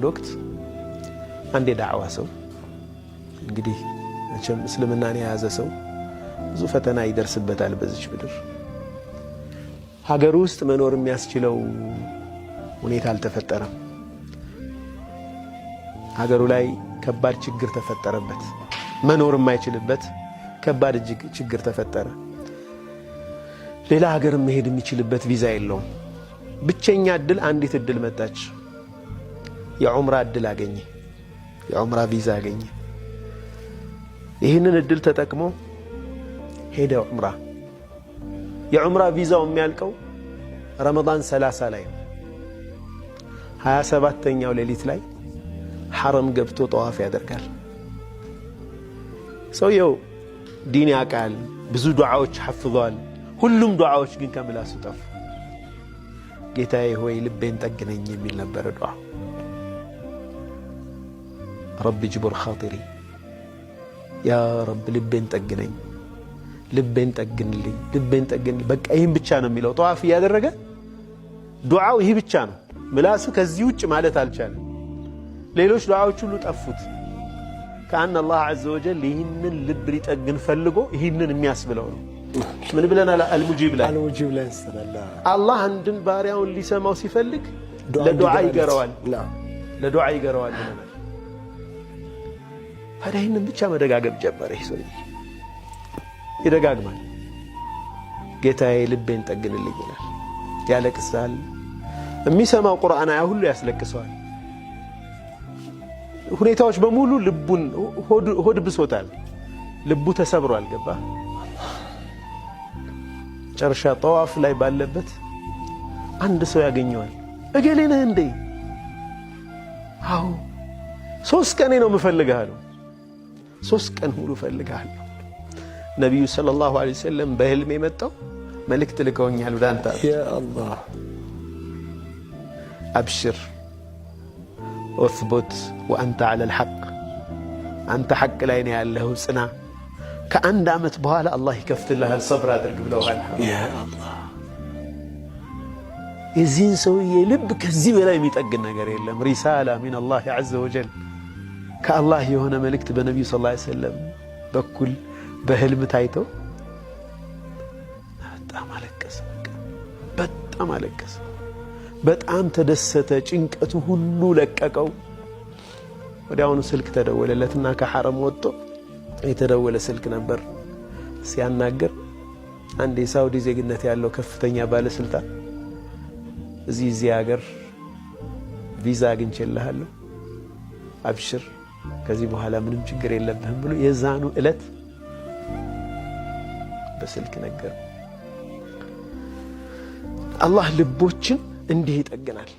በአንድ ወቅት አንድ የዳዕዋ ሰው እንግዲህ መቼም እስልምናን የያዘ ሰው ብዙ ፈተና ይደርስበታል። በዚች ምድር ሀገር ውስጥ መኖር የሚያስችለው ሁኔታ አልተፈጠረም። ሀገሩ ላይ ከባድ ችግር ተፈጠረበት። መኖር የማይችልበት ከባድ እጅግ ችግር ተፈጠረ። ሌላ ሀገር መሄድ የሚችልበት ቪዛ የለውም። ብቸኛ እድል አንዲት እድል መጣች። የዑምራ እድል አገኘ፣ የዑምራ ቪዛ አገኘ። ይህንን እድል ተጠቅሞ ሄደ ዑምራ። የዑምራ ቪዛው የሚያልቀው ረመዳን 30 ላይ ነው። ሌሊት ላይ ሐረም ገብቶ ጠዋፍ ያደርጋል። ሰውየው ዲን ያውቃል፣ ብዙ ዱዓዎች ሐፍዟል። ሁሉም ዱዓዎች ግን ከምላሱ ጠፉ። ጌታዬ ሆይ ልቤን ጠግነኝ የሚል ነበረ ዱዓ ረቢ ጅቡር ኻጢሪ ያ ረብ ልቤን ጠግነኝ፣ ልቤን ጠግንልኝ፣ ልቤን ጠግንልኝ። በቃ ይህን ብቻ ነው የሚለው ጠዋፍ እያደረገ ዱዓው ይህ ብቻ ነው። ምላሱ ከዚህ ውጭ ማለት አልቻለም። ሌሎች ዱዓዎች ሁሉ ጠፉት። ከአን አላህ ዐዘ ወጀል ይህንን ልብ ሊጠግን ፈልጎ ይህንን የሚያስብለው ነው። ምን ብለናል? አልሙጂብ ላይ አላህ አንድን ባሪያውን ሊሰማው ሲፈልግ ለዱዓ ይገረዋል፣ ለዱዓ ይገረዋል ይለናል። ታዲያ ይህንን ብቻ መደጋገም ጀመረ። ይህ ሰው ይደጋግማል። ጌታዬ ልቤን ጠግንልኝ ይላል። ያለቅሳል። የሚሰማው ቁርአን አያ ሁሉ ያስለቅሰዋል። ሁኔታዎች በሙሉ ልቡን ሆድ ብሶታል። ልቡ ተሰብሮ አልገባ ጨርሻ ጠዋፍ ላይ ባለበት አንድ ሰው ያገኘዋል። እገሌ ነህ እንዴ? አዎ ሶስት ቀኔ ነው የምፈልግህ አለው። ሶስት ቀን ሙሉ እፈልግሃለሁ። ነቢዩ ሰለላሁ ዐለይሂ ወሰለም በህልም የመጣው መልእክት ልከውኛል ወደ አንተ። ያአላህ አብሽር ኡስቡት ወአንተ ዐለል ሐቅ፣ አንተ ሐቅ ላይ ነው ያለኸው፣ ጽና። ከአንድ ዓመት በኋላ አላህ ይከፍትልሃል፣ ሰብር አድርግ ብለውሃል። የዚህን ሰውዬ ልብ ከዚህ በላይ የሚጠግን ነገር የለም። ሪሳላ ሚን አላህ ዐዘ ወጀል ከአላህ የሆነ መልእክት በነቢዩ ሰለላሁ ዐለይሂ ወሰለም በኩል በህልም ታይተው በጣም አለቀሰ። በጣም አለቀሰ። በጣም ተደሰተ። ጭንቀቱ ሁሉ ለቀቀው። ወዲያውኑ ስልክ ተደወለለትና ከሐረም ወጥቶ የተደወለ ስልክ ነበር። ሲያናግር አንድ የሳውዲ ዜግነት ያለው ከፍተኛ ባለስልጣን እዚህ እዚህ ሀገር ቪዛ አግኝቼልሃለሁ አብሽር ከዚህ በኋላ ምንም ችግር የለብህም ብሎ የዛኑ እለት በስልክ ነገር አላህ ልቦችን እንዲህ ይጠግናል።